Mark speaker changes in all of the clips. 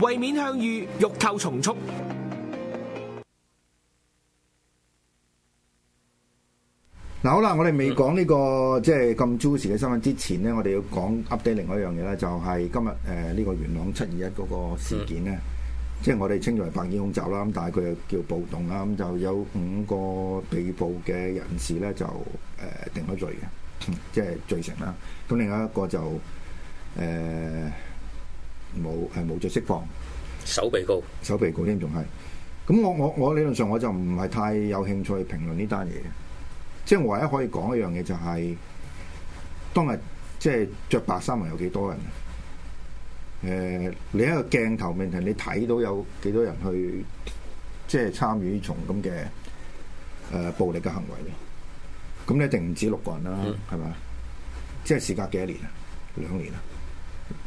Speaker 1: 為免向遇欲求重觸，
Speaker 2: 嗱，好啦，我哋未講呢個即係咁 juicy 嘅新聞之前呢，我哋要講 update 另外一樣嘢咧，就係、是、今日誒呢個元朗七二一嗰個事件呢、嗯、即係我哋稱之為白煙恐襲啦，咁但係佢又叫暴動啦，咁就有五個被捕嘅人士咧，就誒、呃、定咗罪嘅，即、嗯、係、就是、罪成啦。咁另外一個就誒。呃冇係冇著釋放，
Speaker 1: 手臂高，
Speaker 2: 手臂高添，仲係咁。我我我理論上我就唔係太有興趣評論呢單嘢。即係我唯一可以講一樣嘢就係、是，當日即係着白衫嘅有幾多人？誒、呃，你喺個鏡頭面前你睇到有幾多人去，即係參與呢種咁嘅誒暴力嘅行為嘅。咁你一定唔止六個人啦，係咪、嗯？即係時隔幾多年啊？兩年啊，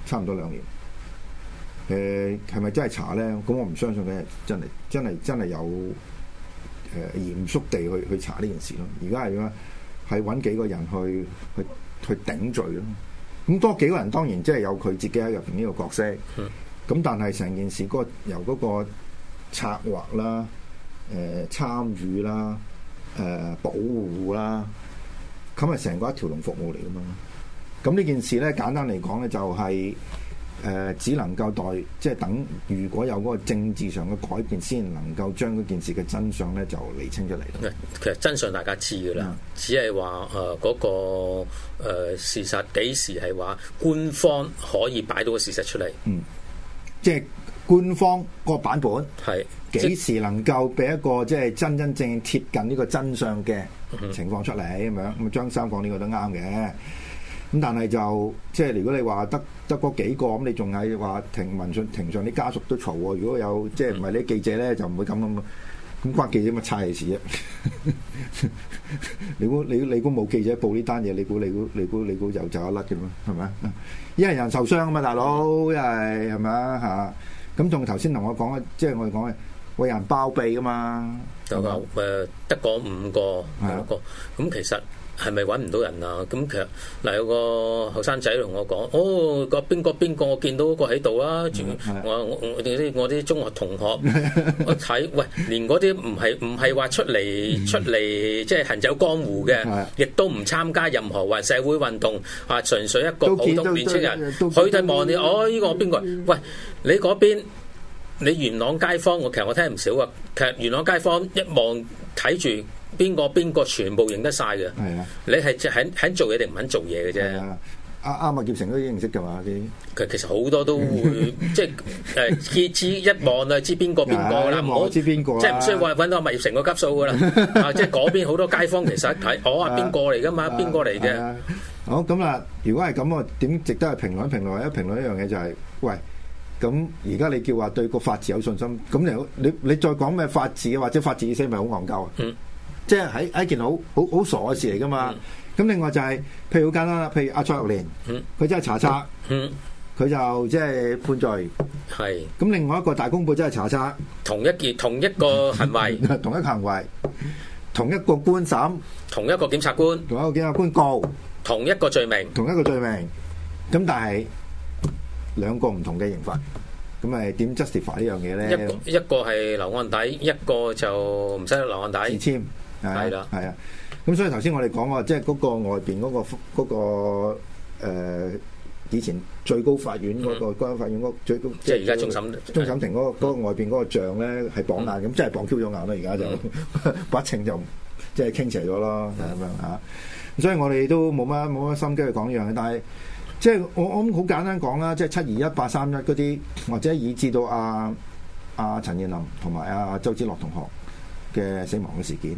Speaker 2: 差唔多兩年。誒係咪真係查咧？咁我唔相信佢真係真係真係有誒、呃、嚴肅地去去查呢件事咯。而家係點啊？係搵幾個人去去去頂罪咯。咁多幾個人當然即係有佢自己喺入邊呢個角色。咁但係成件事嗰、那個、由嗰個策劃啦、誒、呃、參與啦、誒、呃、保護啦，咁係成個一條龍服務嚟㗎嘛。咁呢件事咧，簡單嚟講咧，就係、是。誒、呃、只能夠待即係等，如果有嗰個政治上嘅改變，先能夠將嗰件事嘅真相咧就釐清出嚟。其
Speaker 1: 實真相大家知噶啦，嗯、只係話誒嗰個、呃、事實幾時係話官方可以擺到個事實出嚟，嗯，
Speaker 2: 即係官方個個版本係幾是時能夠俾一個即、就是、真真正貼近呢個真相嘅情況出嚟咁、嗯、樣？張生講呢個都啱嘅。咁但係就即係、就是、如果你話得得嗰幾個咁，你仲係話庭民上庭上啲家屬都嘈喎。如果有即係唔係你記者咧，就唔會咁咁咯。咁關記者咪差嘅事啫、啊。 你估你你估冇記者報呢單嘢，你估你估你估你估又走一甩嘅咩？係咪啊？一人，人受傷啊嘛，大佬一係係咪啊吓？咁仲頭先同我講咧，即係我哋講咧，為人，人包庇噶嘛。
Speaker 1: 有誒，得嗰吧、呃、五個六個，咁、啊、其實。係咪揾唔到人啊？咁其實嗱，那有個後生仔同我講：哦，個邊個邊個我見到個喺度啊？住我我啲我啲中學同學， 我睇喂，連嗰啲唔係唔係話出嚟、嗯、出嚟即係行走江湖嘅，亦的都唔參加任何話社會運動，啊，純粹一個普通年青人，佢就望你哦，呢、呢個邊個？喂，你嗰邊你元朗街坊，我其實我聽唔少啊。其實元朗街坊一望睇住。邊個邊個全部認得晒嘅，係啊！你係肯肯做嘢定唔肯做嘢嘅啫。
Speaker 2: 啱啱啊，麥業成都認識嘅嘛啲。
Speaker 1: 佢其實好多都會即係誒，見之一望啊，知邊個邊個啦。我
Speaker 2: 知邊個，即係唔需要話
Speaker 1: 揾到麥業成個級數嘅啦。啊，即係嗰邊好多街坊其實睇我係邊個嚟嘅嘛，邊個嚟嘅。
Speaker 2: 好咁啦，如果係咁啊，點值得去評論評論？一評論一樣嘢就係，喂，咁而家你叫話對個法治有信心，咁你你你再講咩法治啊，或者法治意識咪好戇鳩啊？嗯。即係喺一件好好好傻嘅事嚟噶嘛？咁另外就係，譬如好簡單啦，譬如阿蔡玉玲，佢真係查冊，佢就即係判罪。係。咁另外一個大公報真係查冊，同一件同一個行為，同一個行為，同一個官審，同一個檢察官，同一個檢察官告，同一個罪名，同一個罪名。咁但係兩個唔同嘅刑罰，咁係點 justify 呢樣嘢咧？一個
Speaker 1: 一個係留案底，一個就唔使留案底。簽。
Speaker 2: 係啦，係啊，咁、啊啊、所以頭先我哋講話，即係嗰個外邊嗰、那個嗰、那個誒、呃、以前最高法院嗰、那個最高、嗯、法院嗰最高，即係而家終審終審庭嗰個外邊嗰個像呢，係綁眼咁，即係、嗯、綁翹咗眼啦，而家、嗯、就把秤、嗯、 就即係、就是、傾斜咗咯嚇、嗯啊。所以我哋都冇乜冇乜心機去講呢樣嘢，但係即係我咁好簡單講啦，即係七二一八三一嗰啲，或者以致到阿、啊啊、陳彥霖同埋阿周梓樂同學嘅死亡嘅事件。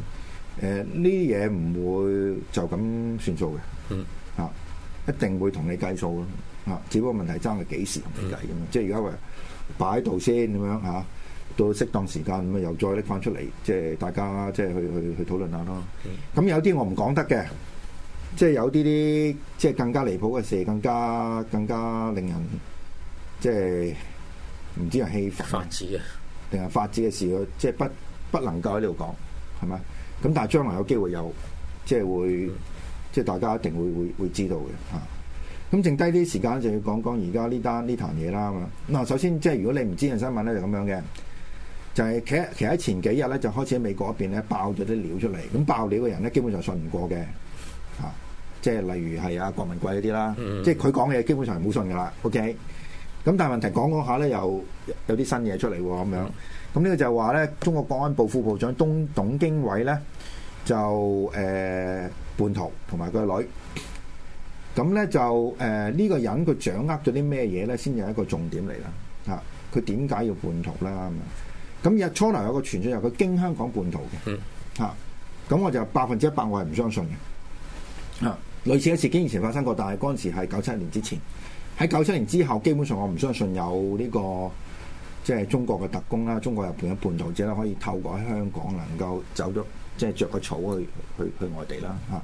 Speaker 2: 誒，呢啲嘢唔會就咁算數嘅，
Speaker 3: 嗯、
Speaker 2: 啊、一定會同你計數咯。只不過問題爭係幾時同你計嘅，嗯、即係而家喂擺喺度先咁樣吓、啊，到適當時間咁啊，又再拎翻出嚟，即係大家即係去去去討論下咯。咁有啲我唔講得嘅，即係、嗯、有啲啲即係更加離譜嘅事，更加更加令人即係唔知係氣憤法治嘅，定係法治嘅事即係不不能夠喺呢度講，係咪？咁但係將來有機會有，即係會，即係大家一定會會會知道嘅嚇，啊，咁剩低啲時間就要講講而家呢單呢壇嘢啦嗱、啊，首先即係如果你唔知呢新聞咧，就咁樣嘅，就係其實其實前幾日咧，就開始喺美國一邊咧爆咗啲料出嚟。咁、嗯、爆料嘅人咧，基本上信唔過嘅、啊、即係例如係啊郭文貴嗰啲啦，mm hmm. 即係佢講嘢基本上係冇信噶啦。OK。咁但係問題講講下咧，又有啲新嘢出嚟喎，咁樣。Mm hmm. 咁呢個就係話咧，中國國安部副部長董董經緯咧就誒、呃、叛逃同埋個女，咁咧就誒呢、呃、這個人佢掌握咗啲咩嘢咧，先有一個重點嚟啦。佢點解要叛逃呢？咁、啊、日初嚟有個傳說由佢經香港叛逃嘅。咁、嗯啊、我就百分之一百我係唔相信嘅。嚇、啊，類似嘅事件以前發生過，但係嗰陣時係九七年之前。喺九七年之後，基本上我唔相信有呢、這個。即係中國嘅特工啦，中國入邊嘅叛徒者啦，可以透過喺香港能夠走咗，即係着個草去去去外地啦，嚇、啊、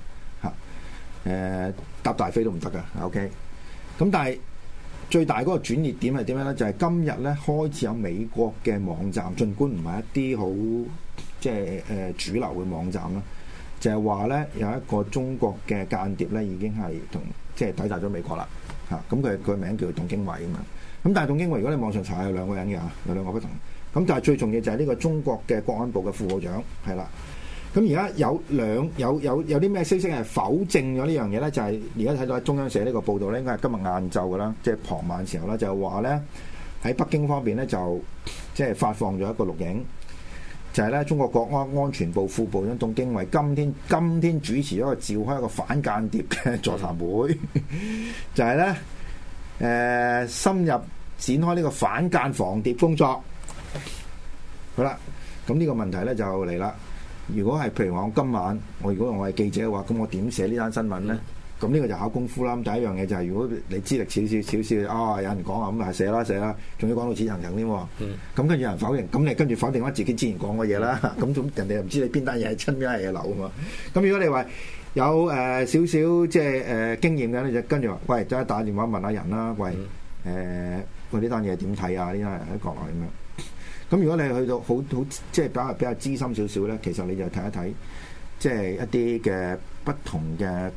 Speaker 2: 嚇，誒、啊、搭大飛都唔得噶，OK。咁但係最大嗰個轉捩點係點樣咧？就係、是、今日咧開始有美國嘅網站，儘管唔係一啲好即係誒、呃、主流嘅網站啦，就係話咧有一個中國嘅間諜咧已經係同即係抵達咗美國啦，嚇、啊！咁佢佢名叫董經緯啊嘛。咁但係董經緯如果你網上查係有兩個人嘅，有兩個不同。咁但係最重要就係呢個中國嘅國安部嘅副部長係啦。咁而家有兩有有有啲咩消息係否證咗呢樣嘢咧？就係而家睇到喺中央社呢個報導咧，應該係今日晏晝㗎啦，即係傍晚時候啦，就係話咧喺北京方面咧就即係發放咗一個錄影，就係咧中國國安安全部副部長董經緯今天今天主持一個召開一個反間諜嘅座談會，就係咧。誒深入展開呢個反間防諜工作，好啦，咁呢個問題咧就嚟啦。如果係譬如我今晚，我如果我係記者嘅話，咁我點寫呢單新聞咧？咁呢、嗯、個就考功夫啦。咁第一樣嘢就係，如果你資歷少少少少，啊、哦、有人講啊，咁咪寫啦寫啦，仲要講到似層層添喎。咁跟住有人否認，咁你跟住否定返自己之前講嘅嘢啦。咁咁、嗯、 人哋又唔知你邊單嘢係真邊單係流喎。咁如果你話，有誒少少即係誒、呃、經驗嘅咧，就跟住話，喂，走去打電話問下人啦。喂，誒、嗯，我呢單嘢點睇啊？呢單嘢喺國內咁樣。咁如果你去到好好即係比較比較資深少少咧，其實你就睇一睇，即係一啲嘅不同嘅誒、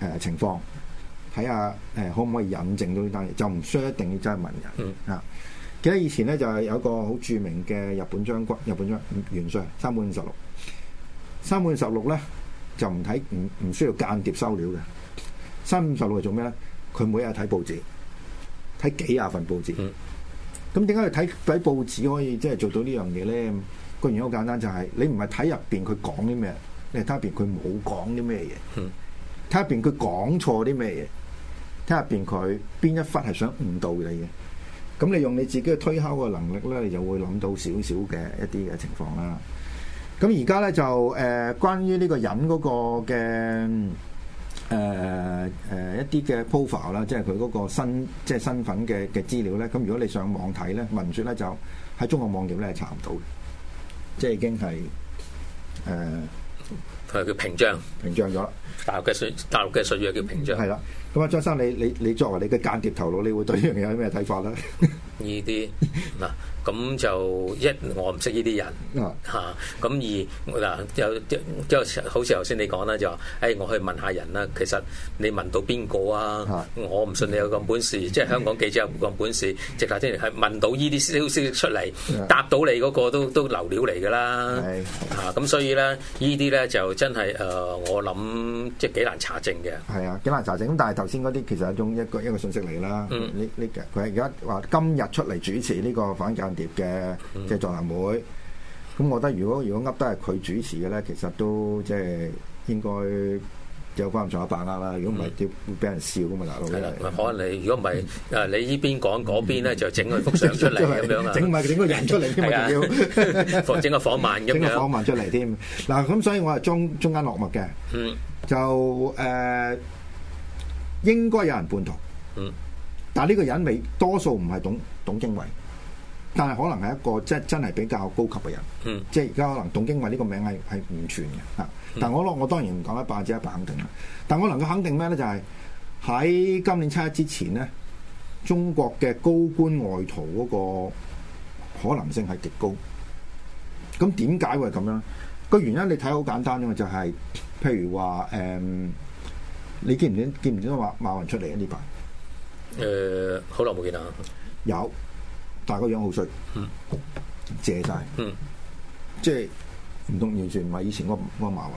Speaker 2: 呃、情況，睇下誒可唔可以引證到呢單嘢？就唔需要一定要真係問人、嗯、啊。記得以前咧就係有個好著名嘅日本將軍，日本將軍元帥三本十六，山本五十六咧。就唔睇唔唔需要間諜收料嘅三五十六係做咩咧？佢每日睇報紙，睇幾廿份報紙。咁點解佢睇睇報紙可以即係做到呢樣嘢咧？個原因好簡單，就係你唔係睇入邊佢講啲咩，你係睇入邊佢冇講啲咩嘢。睇入邊佢講錯啲咩嘢？睇入邊佢邊一忽係想誤導你嘅？咁你用你自己嘅推敲嘅能力咧，你就會諗到少少嘅一啲嘅情況啦。咁而家咧就誒、呃，關於呢個人嗰個嘅誒誒一啲嘅 profile 啦，即係佢嗰個新即身即係身份嘅嘅資料咧。咁如果你上網睇咧，聞説咧就喺中國網頁咧查唔到，即係已經係
Speaker 1: 佢係叫屏障屏障咗。平大陸嘅水，大陸嘅術語叫屏障。係
Speaker 2: 啦，咁啊張生你，你你你作為你嘅間諜頭腦，你會對看呢樣嘢有咩睇法咧？
Speaker 1: 呢啲嗱咁就一我唔識呢啲人吓，咁二嗱有有好似頭先你講啦，就話，誒、哎，我去問一下人啦。其實你問到邊個啊？我唔信你有咁本事，是啊、即係香港記者有咁本事，直頭真係問到呢啲消息出嚟，是啊、答到你嗰個都都流料嚟㗎啦。係是、啊啊，吓，咁所以咧，呢啲咧就真係誒我諗即係幾難查證嘅。係
Speaker 2: 啊，幾難查證，但係頭先嗰啲其實係一種一個一個信息嚟啦。啊、嗯，呢呢佢而家話今日。出嚟主持呢個反間諜嘅即係座談會，咁我覺得如果如果噏得係佢主持嘅咧，其實都即係應該有翻唔錯嘅把握啦。如果唔係，要會俾人笑噶嘛，大佬。係啦，可
Speaker 1: 能你如果唔係啊，你呢邊講嗰邊咧，就整個幅相出嚟咁樣啊，整
Speaker 2: 唔係整個人出嚟㗎嘛，仲要
Speaker 1: 整個訪問咁樣。整個訪問出嚟添。
Speaker 2: 嗱，咁所以我係中中間落墨嘅。嗯。就誒，應該有人叛徒。嗯。但係呢個人未，多數唔係懂。董經緯，但係可能係一個即係真係比較高級嘅人，嗯、即係而家可能董經緯呢個名係係唔全嘅吓。但我我、嗯、我當然唔講一百至一百肯定啦。但我能夠肯定咩咧？就係、是、喺今年七一之前呢，中國嘅高官外逃嗰個可能性係極高。咁點解會係咁樣個原因你睇好簡單啫嘛，就是，就係譬如話誒、嗯，你見唔見見唔見到馬馬雲出嚟啊？呢排誒，好耐冇見啦。有，但係個樣好衰，借晒，嗯、即係唔同，完全唔係以前嗰嗰個馬雲。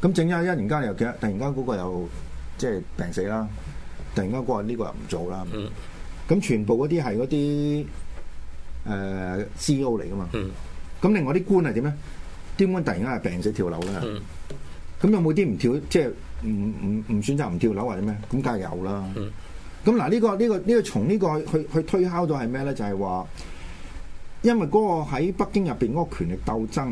Speaker 2: 咁整一一年間又，突然間嗰個又即係病死啦，突然間個呢個又唔做啦。咁、嗯、全部嗰啲係嗰啲誒 C E O 嚟噶嘛？咁、嗯、另外啲官係點咧？點解突然間係病死跳樓咧？咁、嗯、有冇啲唔跳，即係唔唔唔選擇唔跳樓或者咩？咁梗係有啦。嗯咁嗱，呢個呢個呢個從呢個去去推敲到係咩咧？就係話，因為嗰個喺北京入面嗰個權力鬥爭，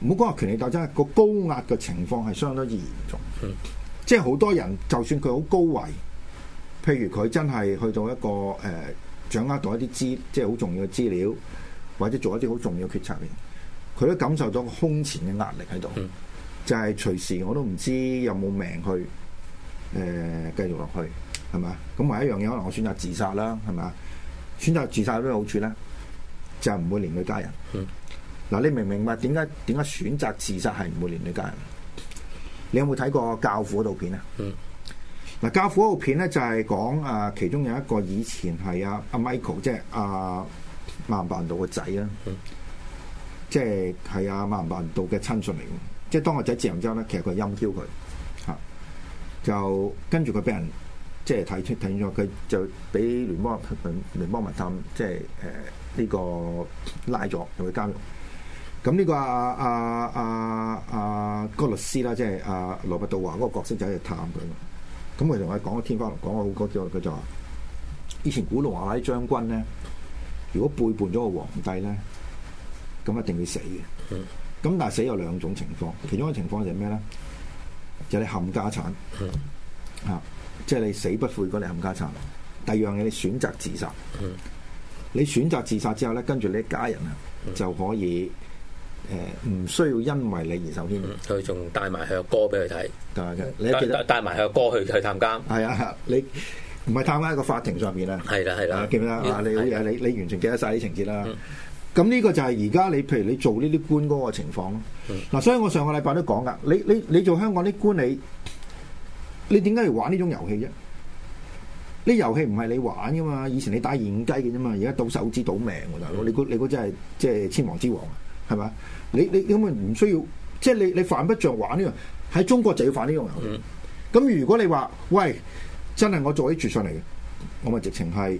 Speaker 2: 唔好講係權力鬥爭，個高壓嘅情況係相當之嚴重。即係好多人，就算佢好高位，譬如佢真係去到一個誒，掌握到一啲資，即係好重要嘅資料，或者做一啲好重要嘅決策，佢都感受到個空前嘅壓力喺度。就係隨時我都唔知有冇命去誒、呃、繼續落去。係嘛？咁埋一樣嘢，可能我選擇自殺啦，係嘛？選擇自殺有咩好處咧？就唔、是、會連累家人。嗱、嗯，你明唔明白點解點解選擇自殺係唔會連累家人？你有冇睇過教父嗰套片啊？嗱、嗯，教父嗰套片咧就係講啊，其中有一個以前係阿阿 Michael，即係阿白蘭度嘅仔啊，即係係啊白蘭度嘅親信嚟嘅。即、就、係、是、當個仔自由之後咧，其實佢陰挑佢吓，就跟住佢俾人。即係睇出睇咗佢，就俾聯邦聯邦密探，即係誒呢個拉咗入去監獄。咁呢、呢個阿阿阿阿阿個律師啦，即係阿羅拔道華嗰個角色就喺度探佢。咁佢同我講天花龍鳳，我好覺得佢就話：以前古龍話啲將軍咧，如果背叛咗個皇帝咧，咁一定會死嘅。咁但係死有兩種情況，其中一個情況就係咩咧？就係你冚家產。嚇、嗯！啊即係你死不悔嗰嚟冚家產，第二樣嘢你選擇自殺，你選擇自殺之後咧，跟住你一家人啊就可以誒，唔需要因為你而受牽連。佢仲帶埋佢個歌俾佢睇，你記得，帶
Speaker 1: 帶埋佢個歌去去探監。係
Speaker 2: 啊，你唔係探監喺個法庭上面啊。係啦係啦，記唔記得？你你完全記得晒啲情節啦。咁呢個就係而家你，譬如你做呢啲官嗰個情況。嗱，所以我上個禮拜都講噶，你你你做香港啲官你。你點解要玩呢種遊戲啫？呢遊戲唔係你玩噶嘛，以前你打眼雞嘅啫嘛，而家賭手指賭命㗎咋、大佬、mm.，你估你估真係即係千王之王啊，係咪？你你根本唔需要，即係你你犯不着玩呢樣喺中國就要犯呢種遊戲。咁、mm. 如果你話喂，真係我做啲絕上嚟嘅，我咪直情係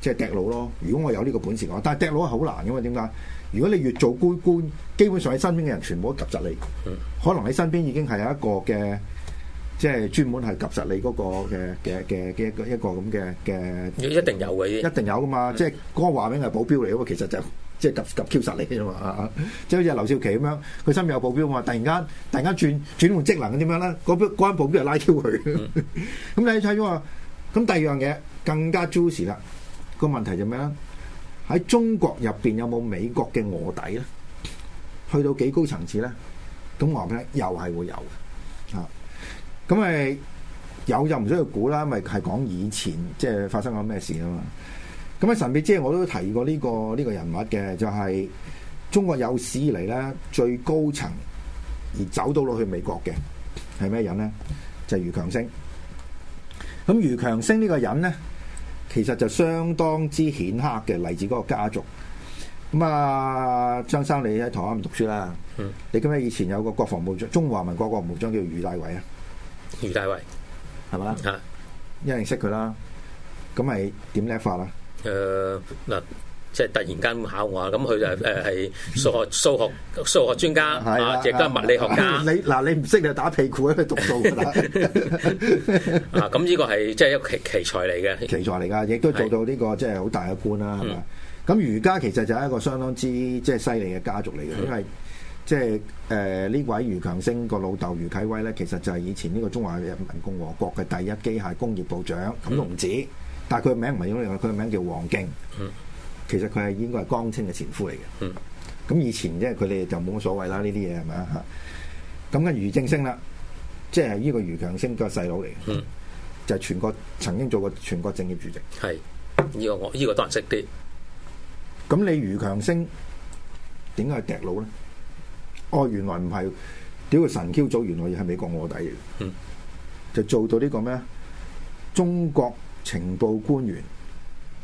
Speaker 2: 即係抌佬咯。如果我有呢個本事嘅，但係抌佬係好難嘅嘛，點解？如果你越做官官，基本上你身邊嘅人全部都及實你，mm. 可能你身邊已經係有一個嘅。即係專門係及實你嗰個嘅嘅嘅嘅一個一個咁嘅嘅，你
Speaker 1: 一定有嘅，一
Speaker 2: 定有噶嘛！即係嗰個話名係保鏢嚟嘅喎，其實就即係及及 Q 實你啫嘛！啊，即係好似劉少奇咁樣，佢身邊有保鏢嘛，突然間突然間轉轉換職能點樣咧？嗰嗰班保鏢又拉 Q 佢。咁你睇咗啊？咁第二樣嘢更加 juicy 啦！個問題就咩咧？喺中國入邊有冇美國嘅卧底咧？去到幾高層次咧？咁話名又係會有。咁咪、嗯、有就唔需要估啦，因為係講以前即係發生過咩事啊嘛？咁、嗯、啊神秘之，即係我都提過呢、這個呢、這個人物嘅，就係、是、中國有史以嚟咧最高層而走到落去美國嘅係咩人咧？就係、是、俞強聲。咁、嗯、俞強聲呢個人咧，其實就相當之顯赫嘅，嚟自嗰個家族。咁、嗯、啊，張生你喺台灣唔讀書啦，嗯、你咁日以前有個國防部長中中華民國國防部長叫俞大維啊。余大衛係咪？吓，一定識佢啦，咁咪點叻法啦？
Speaker 1: 誒，嗱，即係突然間考我，咁佢就誒係數學、數學、數學專家，亦都係物理學家。
Speaker 2: 你嗱，你唔識就打屁股，佢讀數啦。
Speaker 1: 啊，咁呢個係即係一奇奇才嚟嘅，奇
Speaker 2: 才嚟噶，亦都做到呢個即係好大嘅官啦。咁俞家其實就係一個相當之即係犀利嘅家族嚟嘅，因為。即係誒呢位余強聲個老豆余啟威咧，其實就係以前呢個中華人民共和國嘅第一機械工業部長咁都、嗯、唔止，但係佢嘅名唔係咁樣，佢嘅名叫黃敬。嗯、其實佢係應該係江青嘅前夫嚟嘅。嗯，咁以前即係佢哋就冇乜所謂啦，呢啲嘢係咪啊？咁嘅余正聲啦，即係呢個余強聲嘅細佬嚟嘅。嗯、就係全國曾經做過全國政協主席。係
Speaker 1: 呢、這個我呢、這個多人識啲。
Speaker 2: 咁你余強聲點解係夾佬咧？哦，原來唔係屌佢神 Q 組，原來係美國臥底嚟嘅，嗯、就做到呢個咩？中國情報官員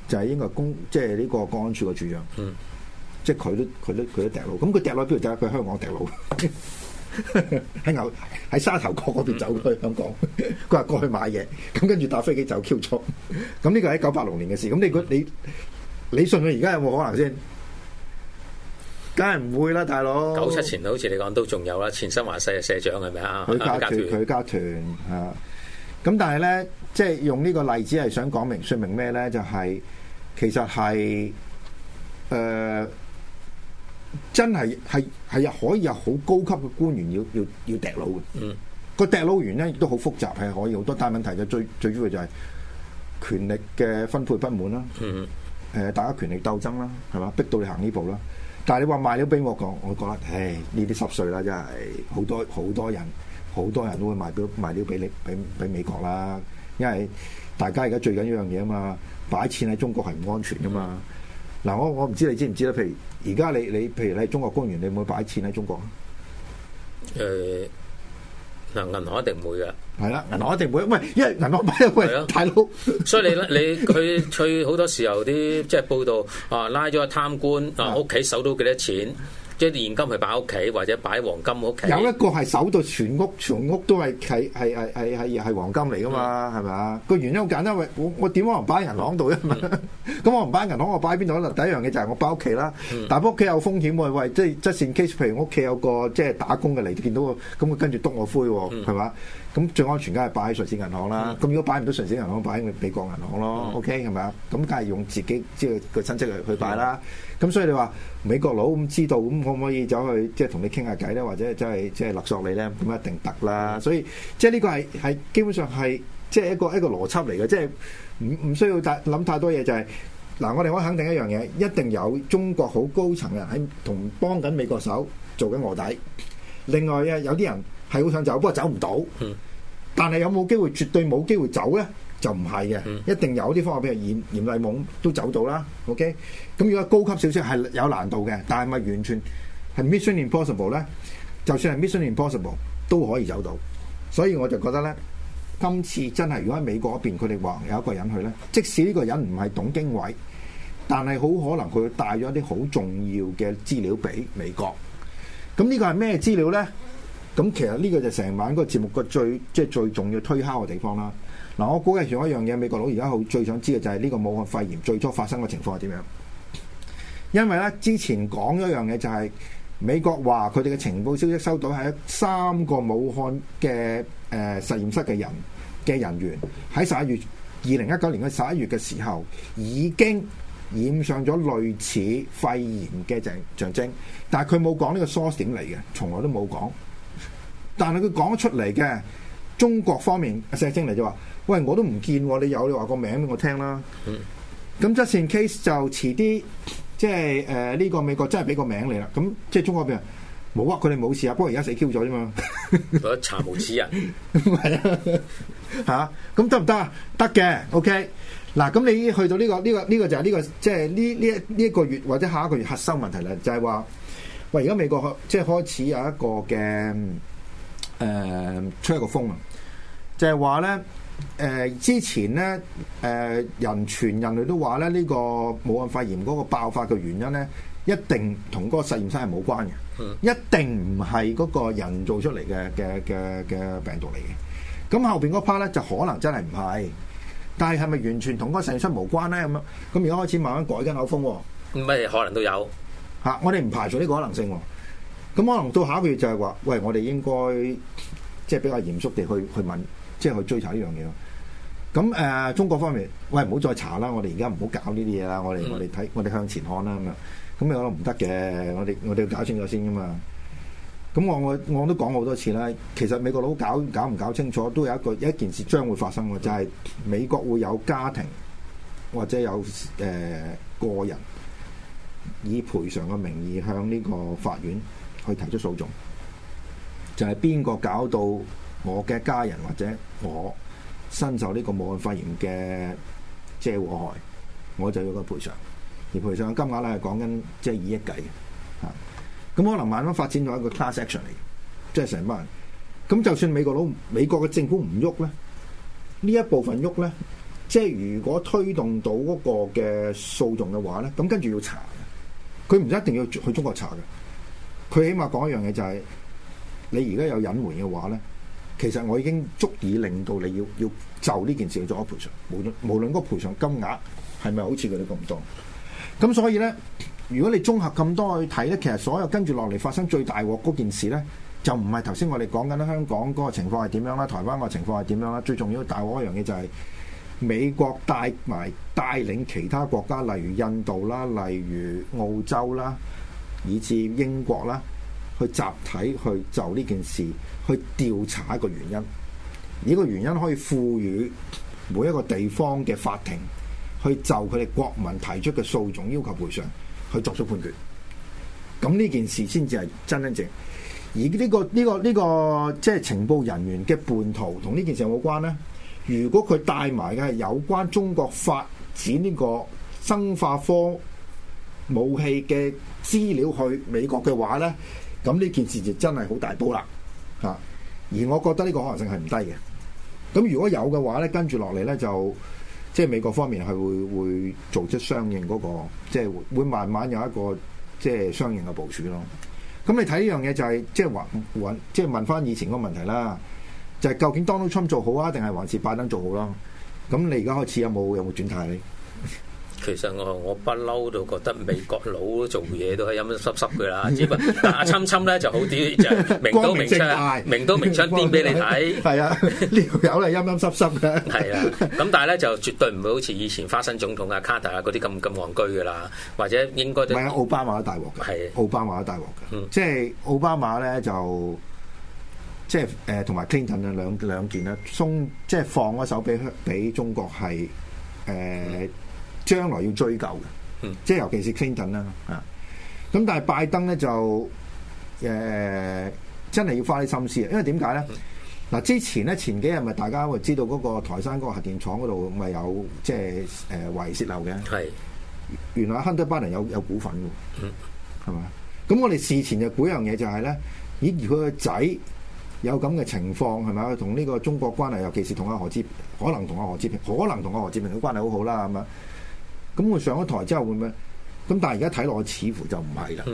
Speaker 2: 就係應該公，即係呢個公安處嘅處長，嗯、即係佢都佢都佢都掟佬。咁佢掟佬邊度掟？佢香港掟佬，喺、嗯、 牛喺沙頭角嗰邊走去香港。佢 話過去買嘢，咁跟住搭飛機走 Q 咗。咁呢個係一九八六年嘅事。咁你估、嗯、你你信佢而家有冇可能先？梗係唔會啦，大佬。九七
Speaker 1: 前好似你講都仲有啦，前新華社嘅社長係咪啊？許家屯，許家
Speaker 2: 屯嚇。咁但係咧，即係用呢個例子係想講明説明咩咧？就係其實係誒真係係係又可以有好高級嘅官員要要要掟佬嘅。嗯。嗯。個掟佬員咧亦都好複雜，係可以好多，但係問題就最最主要就係權力嘅分配不滿啦。嗯，嗯，呃。大家權力鬥爭啦，係嘛？逼到你行呢步啦。但係你話賣料俾我講，我覺得唉，呢啲濕碎啦，真係好多好多人好多人都會賣料賣料俾你，俾俾美國啦，因為大家而家最緊要樣嘢啊嘛，擺錢喺中國係唔安全噶嘛。嗱、嗯，我我唔知你知唔知咧？譬如而家你你譬如你喺中國官員，你會唔會擺錢喺中國啊？
Speaker 1: 誒、嗯。嗱，銀行一定唔會嘅，
Speaker 2: 係啦，銀行一定唔會，喂，因為銀行唔係喂啊，的大佬
Speaker 1: 哥，所以你咧，你佢佢好多時候啲即係報道啊，拉咗個貪官啊，屋企搜到幾多錢？即係現金去擺屋企，或者擺黃金屋企。有一個
Speaker 2: 係手到全屋全屋都係係係係係係黃金嚟噶嘛，係咪啊？個原因好簡單，喂我我點可能擺喺銀行度啫？咁我唔擺喺銀行，我擺喺邊度？第一樣嘢就係我擺屋企啦，嗯、但屋企有風險，喂，即係即係 case，譬如屋企有個即係打工嘅嚟，見到個咁，跟住篤我灰，係嘛、嗯？咁最安全梗係擺喺瑞士銀行啦。咁、嗯、如果擺唔到瑞士銀行，擺喺美國銀行咯。嗯、OK 係咪啊？咁梗係用自己即係個親戚嚟去擺啦。嗯嗯咁所以你話美國佬咁知道咁可唔可以走去即係同你傾下偈咧，或者即係即係勒索你咧？咁一定得啦。所以即係呢個係係基本上係即係一個一個邏輯嚟嘅，即係唔唔需要太諗太多嘢。就係嗱，我哋可以肯定一樣嘢，一定有中國好高層嘅人喺同幫緊美國手做緊卧底。另外咧，有啲人係好想走，不過走唔到。嗯，但係有冇機會？絕對冇機會走咧。就唔係嘅，嗯、一定有啲方法譬如嚴嚴厲蒙都走到啦。OK，咁如果高級少少係有難度嘅，但係咪完全係 mission impossible 咧？就算係 mission impossible 都可以走到，所以我就覺得咧，今次真係如果喺美國嗰邊，佢哋話有一個人去咧，即使呢個人唔係董經緯，但係好可能佢帶咗一啲好重要嘅資料俾美國。咁呢個係咩資料咧？咁其實呢個就成晚個節目個最即、係、最重要嘅推敲嘅地方啦。嗱，我估計仲有一樣嘢，美國佬而家好最想知嘅就係呢個武漢肺炎最初發生嘅情況係點樣？因為咧之前講咗一樣嘢、就係，就係美國話佢哋嘅情報消息收到係三個武漢嘅誒實驗室嘅人嘅人員喺十一月二零一九年嘅十一月嘅時候已經染上咗類似肺炎嘅症症徵，但係佢冇講呢個 source 點嚟嘅，從來都冇講。但係佢講出嚟嘅中國方面石正麗就話。喂，我都唔見喎，你有你話個名俾我聽啦。咁則成 case 就遲啲，即係誒呢個美國真係俾個名你啦。咁即係中國邊啊？冇啊，佢哋冇事啊，不過而家死 Q 咗啫嘛。
Speaker 1: 查無此人。唔係 啊。
Speaker 2: 嚇？咁得唔得啊？得嘅。O、okay、K。嗱、啊，咁你去到呢、呢個呢、呢個呢、呢個就係呢、呢個即係呢呢一呢一個月或者下一個月核心問題啦，就係、是、話喂，而家美國即係開始有一個嘅誒、呃、出一個風啊，就係話咧。誒、呃，之前咧，誒、呃，人傳人類都話咧，呢、這個武漢肺炎嗰個爆發嘅原因咧，一定同個實驗室係冇關嘅，嗯、一定唔係嗰個人做出嚟嘅嘅嘅嘅病毒嚟嘅。咁後邊嗰 part 咧就可能真係唔係，但係係咪完全同嗰個實驗室冇關咧？咁樣咁而家開始慢慢改緊口風、哦，
Speaker 1: 唔係可能都有
Speaker 2: 吓、啊，我哋唔排除呢個可能性、哦。咁可能到下一個月就係話，喂，我哋應該即係比較嚴肅地去去問。即係去追查呢樣嘢，咁誒、呃，中國方面，喂，唔好再查啦！我哋而家唔好搞呢啲嘢啦，我哋我哋睇，我哋向前看啦咁樣。咁可能唔得嘅，我哋我哋要搞清楚先噶嘛。咁我我我都講好多次啦，其實美國佬搞搞唔搞清楚，都有一個一件事將會發生嘅，就係、是、美國會有家庭或者有誒、呃、個人以賠償嘅名義向呢個法院去提出訴訟，就係邊個搞到？我嘅家人或者我身受呢個武漢肺炎嘅即係禍害，我就要個賠償，而賠償嘅金額咧係講緊即係以億計吓，咁可能慢慢發展到一個 class action 嚟嘅，即係成班人。咁就算美國佬、美國嘅政府唔喐咧，呢一部分喐咧，即係如果推動到嗰個嘅訴訟嘅話咧，咁跟住要查嘅，佢唔一定要去中國查嘅，佢起碼講一樣嘢就係你而家有隱瞞嘅話咧。其實我已經足以令到你要要就呢件事去做一賠償，無論無論嗰個賠償金額係咪好似佢哋咁多，咁所以呢，如果你綜合咁多去睇呢，其實所有跟住落嚟發生最大鑊嗰件事呢，就唔係頭先我哋講緊香港嗰個情況係點樣啦，台灣個情況係點樣啦，最重要的大鑊一樣嘢就係美國帶埋帶領其他國家，例如印度啦、例如澳洲啦，以至英國啦。去集體去就呢件事去調查一個原因，呢個原因可以賦予每一個地方嘅法庭去就佢哋國民提出嘅訴訟要求賠償，去作出判決。咁呢件事先至係真真正正。而呢個呢個呢個即係情報人員嘅叛徒，同呢件事有冇關呢？如果佢帶埋嘅係有關中國發展呢個生化科武器嘅資料去美國嘅話呢。咁呢件事就真係好大波啦，吓，而我覺得呢個可能性係唔低嘅。咁如果有嘅話咧，跟住落嚟咧就即係美國方面係會會做出相應嗰個，即係會慢慢有一個即係相應嘅部署咯。咁你睇呢樣嘢就係即係搵搵，即係問翻以前嗰個問題啦，就係、是、究竟 Donald Trump 做好啊，定係還是拜登做好囉。咁你而家開始有冇有冇轉態咧？有
Speaker 1: 其實我我不嬲，都覺得美國佬做嘢都係陰陰濕濕嘅啦。只不過阿侵侵咧就好啲，就明都明出，明都明出掂俾你睇。係啊，呢
Speaker 2: 條友係陰陰濕濕嘅。係
Speaker 1: 啊，咁但係咧就絕對唔會好似以前花生總統啊、卡特啊嗰啲咁咁戇居嘅啦，或者應該都唔係啊。
Speaker 2: 奧巴馬都大鑊㗎，係啊，奧巴馬都大鑊㗎。即係奧巴馬咧就即係誒同埋 Clinton 啊兩兩件啦，鬆即係放咗手俾俾中國係誒。將來要追究
Speaker 3: 嘅，
Speaker 2: 即係尤其是 Clinton 啦，啊、嗯，咁但係拜登咧就誒、呃、真係要花啲心思啊，因為點解咧？嗱，之前咧前幾日咪大家會知道嗰個台山嗰個核電廠嗰度咪有即係誒遺泄漏嘅，係是原來 Hunter Biden 有有股份嘅，嗯，係嘛？咁我哋事前的事就估一樣嘢就係咧，咦？佢個仔有咁嘅情況係咪同呢個中國關係，尤其是同阿何志可能同阿何志平，可能同阿何志平嘅關係很好好啦，咁啊？咁佢上咗台之後會咩？咁但係而家睇落，似乎就唔係啦。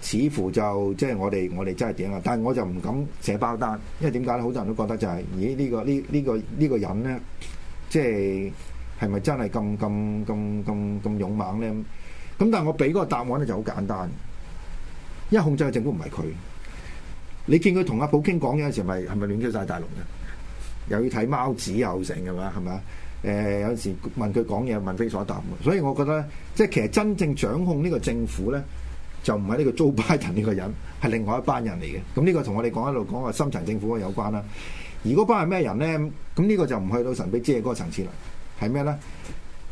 Speaker 2: 似乎就即、是、係我哋我哋真係點啊？但係我就唔敢寫包單，因為點解咧？好多人都覺得就係、是，咦呢、這個呢呢、這個呢、這個人咧，即係係咪真係咁咁咁咁咁勇猛咧？咁但係我俾個答案咧就好簡單，因為控制嘅政府唔係佢。你見佢同阿普京講嘢嘅時候，咪係咪亂叫晒大龍嘅？又要睇貓子又成係嘛？係嘛？誒、呃、有時問佢講嘢，問非所答，所以我覺得呢即係其實真正掌控呢個政府咧，就唔係呢個 Joe Biden 呢個人，係另外一班人嚟嘅。咁呢個同我哋講喺度講個深層政府有關啦、啊。而嗰班係咩人咧？咁呢個就唔去到神秘之嘅嗰個層次啦。係咩咧？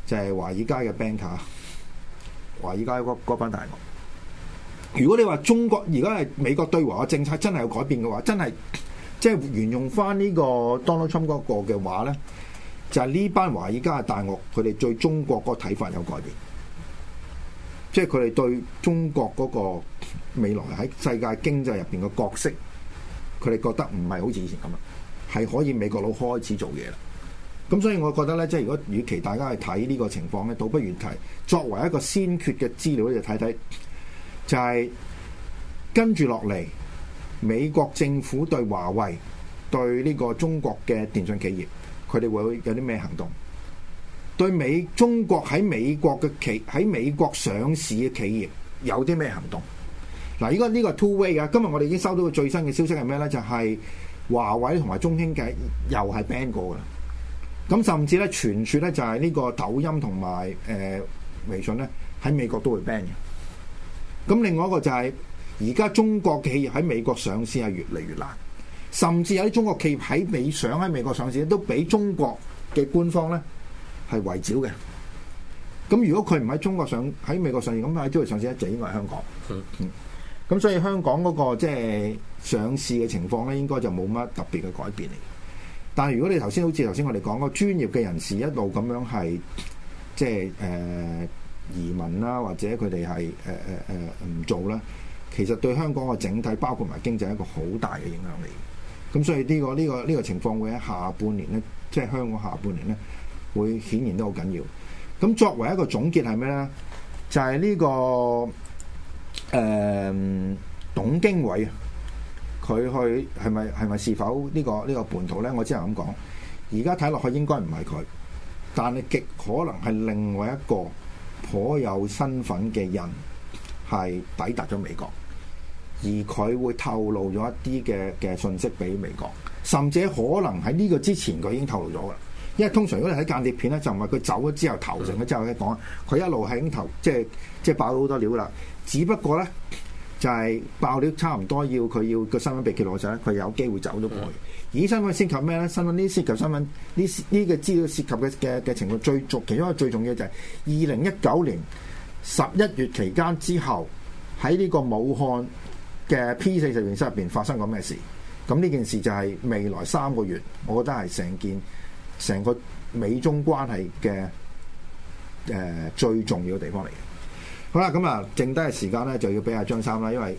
Speaker 2: 就係、是、華爾街嘅 banker，華爾街嗰班大鱷。如果你話中國而家係美國對華嘅政策真係有改變嘅話，真係即係沿用翻呢個 Donald Trump 嗰個嘅話咧。就係呢班華爾街嘅大鱷，佢哋對中國嗰個睇法有改變，即係佢哋對中國嗰個未來喺世界經濟入面嘅角色，佢哋覺得唔係好似以前咁啊，係可以美國佬開始做嘢啦。咁所以我覺得呢，即係如果與其大家去睇呢個情況呢，倒不如提作為一個先決嘅資料，就睇睇就係跟住落嚟，美國政府對華為對呢個中國嘅電信企業。佢哋會有啲咩行動？對美中國喺美國嘅企喺美國上市嘅企業有啲咩行動？嗱，依個呢個係 two way 嘅。今日我哋已經收到嘅最新嘅消息係咩咧？就係華為同埋中興嘅又係 ban 過嘅。咁甚至咧傳說咧就係呢個抖音同埋誒微信咧喺美國都會 ban 嘅。咁另外一個就係而家中國企業喺美國上市係越嚟越難。甚至有啲中國企業喺美想喺美國上市都俾中國嘅官方咧係圍剿嘅。咁如果佢唔喺中國上喺美國上市，咁喺中，中，中國上市咧就應該係香港。咁、嗯嗯、所以香港嗰、那個即係、就是、上市嘅情況咧，應該就冇乜特別嘅改變嚟。但係如果你頭先好似頭先我哋講嗰專業嘅人士一路咁樣係即係誒移民啦，或者佢哋係誒誒誒唔做啦，其實對香港嘅整體包括埋經濟一個好大嘅影響嚟。咁所以呢、這個呢、這個呢、這個情況會喺下半年咧，即、就、係、是、香港下半年呢，會顯然都好緊要。咁作為一個總結，係咩呢？就係、是、呢、這個誒、嗯、董經緯，佢去係咪係咪是否呢、這個呢、這個叛徒呢？我之前咁講，而家睇落去應該唔係佢，但係極可能係另外一個頗有身份嘅人係抵達咗美國。而佢會透露咗一啲嘅嘅信息俾美國，甚至可能喺呢個之前佢已經透露咗噶。因為通常如果你睇間諜片咧，就唔係佢走咗之後投誠咗之後咧講，佢一路係已經投即係即係爆咗好多料啦。只不過咧就係、是、爆料差唔多要佢要個身份被揭露嘅時候，佢有機會走咗過去。而身份涉及咩咧？身份呢涉及身份呢呢個資料涉及嘅嘅嘅情況最重，其中一個最重要的就係二零一九年十一月期間之後喺呢個武漢嘅 P 四實驗室入邊發生過咩事？咁呢件事就係未來三個月，我覺得係成件成個美中關係嘅誒最重要嘅地方嚟嘅。好啦，咁啊，剩低嘅時間咧就要俾阿張三啦，因為。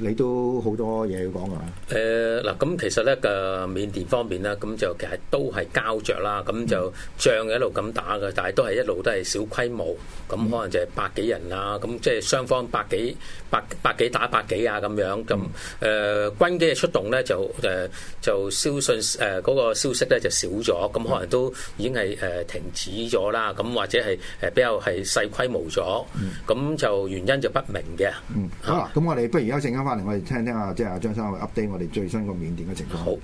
Speaker 2: 你都好多嘢要講㗎？
Speaker 1: 誒嗱，咁其實咧個緬甸方面咧，咁就其實都係膠著啦，咁就仗一路咁打嘅，但係都係一路都係小規模，咁可能就係百幾人啊，咁即係雙方百幾百百幾打百幾啊咁樣，咁誒軍機嘅出動咧就誒就消息誒嗰個消息咧就少咗，咁可能都已經係誒停止咗啦，咁或者係誒比較係細規模咗，咁就原因就不明嘅。嗯，
Speaker 2: 好啦，咁我哋不如休息一陣啊。翻嚟我哋聽聽下，即係阿張生 update 我哋 up 最新個緬甸嘅情況。好